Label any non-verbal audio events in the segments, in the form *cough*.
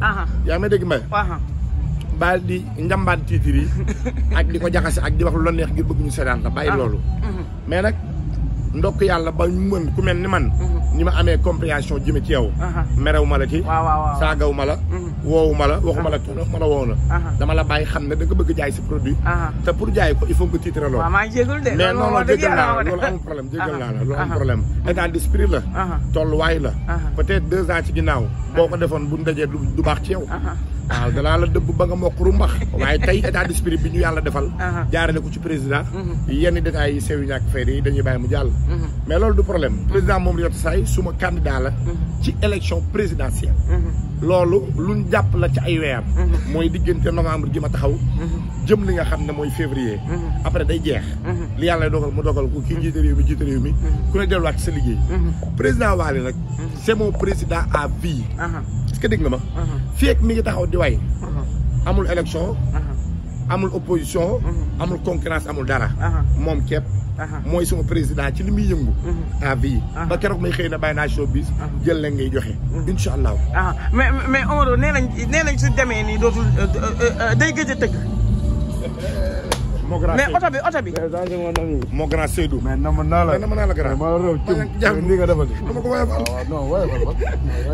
yaa ma may dégg mbay baal di njambaan tiitir yi *laughs* ak di ko jaxase ak di wax lu la neex ngir bëgg ñu seetaan la bàyyi loolu ndokk yàlla ba ñu mën ku mel ni man mhm. ñi ma amee compréhension jëme ci yow merew ma la ci saagaw ma la mhm. woowu ma la waxu ma la tono ma la woow la dama la bàyyi xam ne da nga bëgg jaay si produit te pur jaay ko il faut nga titre loolu mais non non jégal naa la loolu amul problème jégal naa la loolu amul problème état d'esprit la tolluwaay la peut-être deux ans ci ginnaaw boo ko defoon bu ndajee du baax ci yow waaw danaa la dëbb ba nga mokkuru mbax waaye tey état d'esprit bi ñu yàlla defal jaarale ko ci président mhm. yenn de détails yi sew yi ñàkk fayda yi dañuy bàyyi mu jàll mhm. mais loolu du problème mhm. président moom Yot say suma candidat la ci élection présidentielle loolu luñ jàpp la ci ay weer. mooy diggante novembre gi ma taxaw. jëm li nga xam ne mooy février. après day jeex. li yàlla dogal mu dogal ko kii njiite réew mi jiite mi. ku ne delluwaat ci sa liggéey. président Wally nag. c'est mon président à vie. est-ce dégg nga ma. fii ak mi ngi taxaw di way. amul élection. amul opposition. amul concurrence amul dara. moom képp. mooy suma président ci li muy yëngu à uhum. vie ah, ba keroog may xëy na bàyyi naa showbiz jël la ngay joxe uhum. incha allah mais mais Omaro nee nañ nee nañ su demee nii dootul euh, euh, euh, day gëj a tëgg mais oto bi oto bi moo grand Seydou mais nam naa la nam naa la grand ma rew ci ni nga defal dama ko woyofal ah, non woyofal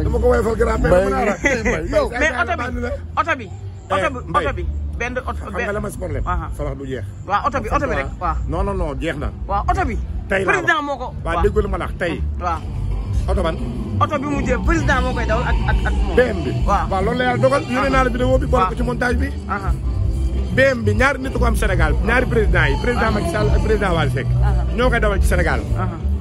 dama ko woyofal grand *laughs* mais oto bi oto bi Eh, oto bi bi benn oto xam nga la ma si oto bi oto bi rek waaw. non non non jeex na. waaw oto bi. tey la président moo ko. waaw déggoo ma tey. waaw oto ban. oto bi mu jëm président moo koy dawal ak ak ak moom. BM bi waaw waaw loolu bi boole ko ci montage bi. BM bi ñaari nit ko am Sénégal ñaari président yi président Macky Sall ak président Wally Seck. ñoo koy dawal ci Sénégal.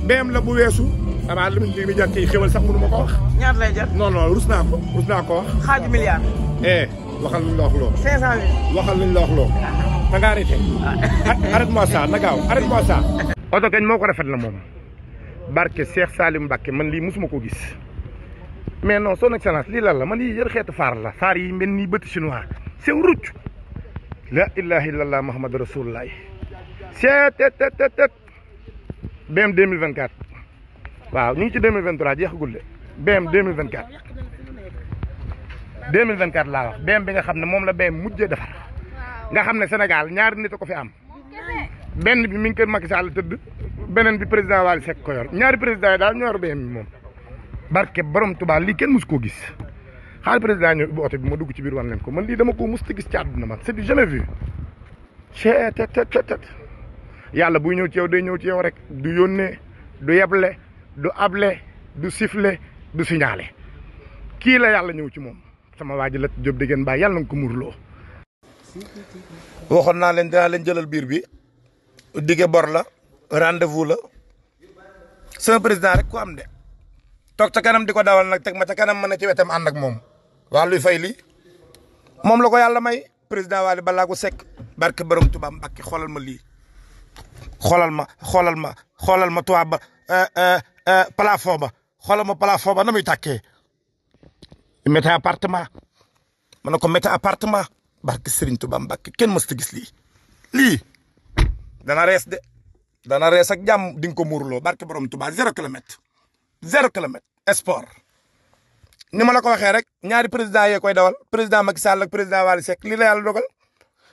BM la bu weesu. xanaa li mu jar ci xéwal sax mënu ma ko wax. ñaar lay jar. non non rus naa ko rus naa ko wax. xaaju milliard. Eh. waxal luñ la wax loo. 500000 waxal luñ la wax loo. da ngaa arrêté. Ah. arrête-moi ça na oto kañ moo ko rafet la moom barke Cheikh Salim Mbacke man lii mosuma ko gis mais non son excellence lii lan la man yii yër xeetu faar la saar yi mel nii bëti chinois sew rucc la ilaha illallah muhammad rasulullah seet tet tet tet BM 2024 waaw ñu ngi ci 2023 jeexagul de BM 2024 2024 laa wax BM bi nga xam ne moom la BM mujjee defar nga xam ne Sénégal ñaari nit a ko fi am benn bi mi ngi kër Macky Sall beneen bi président Wally Seck ko yor ñaari président yi daal ñoo moom barke borom tubaal lii kenn mus koo gis xaal président ñëw ubbi oto bi ma dugg ci biir wan leen ko man lii dama ko mus ta gis ci àdduna man c'est du jamais vu cee tet tet buy ñëw ci yow day ñëw ci yow rek du yónnee du yeble du able du sifle du siñaale kii la yàlla ñëw ci moom sama waa ji Lat Diop Degen Baye yàlla na ko muurloo. waxoon naa leen dinaa leen jëlal biir bi dige bor la rendez-vous la sama président rek ku am de toog ca kanam di ko dawal nag teg ma ca kanam ma ne ci wetam ànd ak moom. waa luy fay lii moom la ko yàlla may président Wally Ballago Seck barke borom Tuubaa Mbàkke xoolal ma lii xoolal ma xoolal ma xoolal ma tubaab ba eh, eh, eh, plafond ba xoolal ma plafond ba na muy tàkkee. méta appartement ma ne ko méta appartement barke Serigne Touba Mbacke kenn mës ta gis lii lii dana rees de dana rees ak jàmm di ko ko muurloo barke borom Touba zéro kilomètre zéro kilomètre sport ni ma la ko waxee rek ñaari président yee koy dawal président Macky Sall président Wally Seck lii la yàlla dogal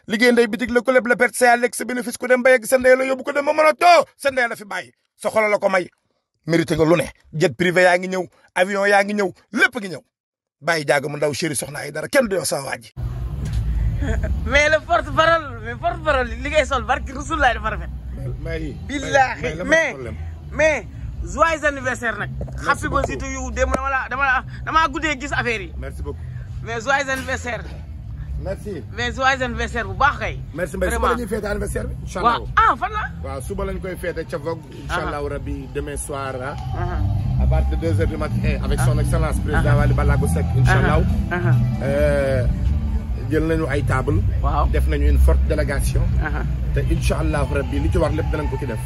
liggéey ndey bitig la ko lépp la perte sa yàlla bénéfice ku dem ba yegg sa ndey la yóbbu ko dem ba mën a too sa ndey la fi baay sa xol la ko may mérité nga lu ne jet privé yaa ngi ñëw avion yaa ngi ñëw lépp ngi ñëw bàyyi jaago mu ndaw chéri soxna yi dara kenn du yow sama waa ji mais le porte parole mais porte parole li ngay sol barki la dafa rafet billaahi mais mais joyeux anniversaire nag happy birthday to you dama la dama la damaa guddee gis affaire yi merci mais joyeux anniversaire merci bu baax kay. merci Mbaye suba la ñuy féete anniversaire ah, fan la. waaw suba lañ koy féete ca Vogue. incha ah. allah rabi soir ah. ah. à partir de 2h du matin eh, avec son ah. excellence président ah. Waly Ballago Seck incha allah ah, euh, jël nañu ay table def nañu une forte délégation te incha allahu rabbi li ci war lépp danañ ko ci def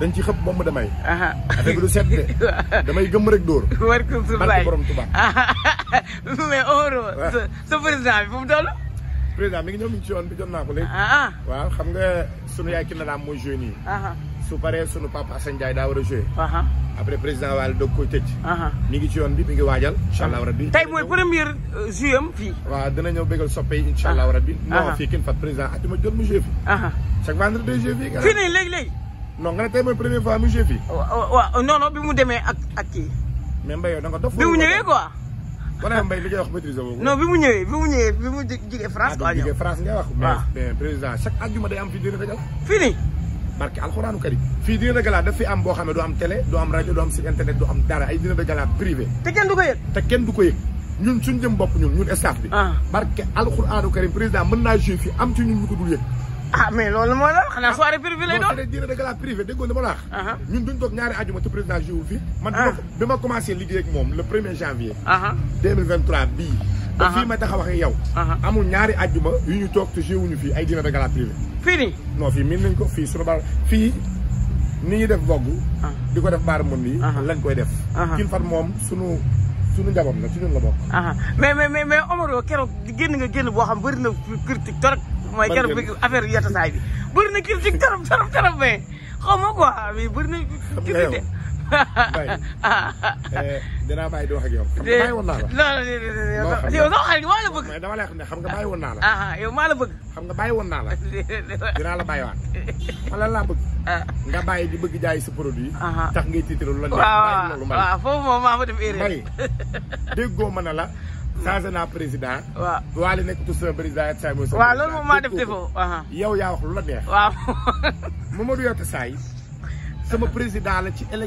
dañ ci xëpp bomb damay affaire bi du set de *laughs* damay gëm rek dóor warko surlaay borom Tuubaa *laughs* mais Omaro oh, oh, sa président bi fu mu toll président mi ngi ñëw mi ngi ci yoon bi jot naa ko léegi waaw xam nga sunu yaay ki na daam mooy jeunes yi su paree sunu papa Assane da daa war a joué. après président Wade doog koy tëj. mi ngi ci yoon bi mi ngi waajal. incha allah rabbi tey mooy première euh, joué am fii. waaw dina ñëw bégal soppe rabbi. non fii kenn fat président àjjuma jot mu joué fii. chaque vendredi joué fii. fii nii leg leg. non nga ne tey mooy première fois mu joué fii. waaw non non bi mu demee ak ak kii. mais Mbaye yow da nga dof. bi mu ñëwee quoi. wala Mbaye li ngay wax maîtrise boobu. non bi mu ñëwee bi mu ñëwee bi mu jigee France. Ah, quoi ñëw ah bi mu jigee France ngay wax. mais ah. président chaque àjjuma day am fii dina fa jàll. barke alcorane karim fii dîner de gala da fi am bo xamé ne du am télé du am radio du am site internet du am dara ay dina de gala privé. te ken du ko yëg te ken du ko yëg ñun suñu dem bop ñun ñun staff bi. barke alxuraanu karim président mën na joué fi am ci ñun ñu ko dul yëg. ah mais lolu mo la xanaa soirée privé lay do dina da gala privé déggoo li ma la wax ñun duñ tok ñaari aljuma te président joué fi man bima commencé liguey ak mom le 1er janvier 2023 bi ba fii ma taxaw ak yow amul ñaari aljuma yu ñu tok te joué wuñu fii ay dina da gala privé fii nii. non fii miin nañ ko fii suñu baar fii ni ñuy def bogg. Ah. di ko def baar mën yi ah. lañ koy def. Ah. kiin fat moom sunu sunu njabam na ci ñun la bokk. mais mais mais Omaro keroog génn nga génn boo xam bëri na critique torop mooy keroog bi affaire yatasaay bi bëri na critique torop torop torop mais xaw ma quoi bëri na critique de Mbaye *laughs* eh, dinaa bàyyi di wax ak yow. bàyyi woon naa la non yow sama bëgg. xam nga bàyyi woon naa la. Ah, ah, yow maa la bëgg. xam nga bàyyi woon *laughs* dinaa la bàyyiwaat. man lan *laughs* laa bëgg. Ah. nga bàyyi di bëgg jaay sa produit. tax ngay titre lu la neex. bàyyi loolu Mbaye waaw foofu moom maa fa def erreur. Mbaye déggoo ma ne la. changé naa président. waaw Waly nekk tout sa président et Saïd Moussa. waaw moom maa def defoo. Uh-huh. yow yaa wax lu la neex. waaw Mamadou Yatta Saye sama presidente la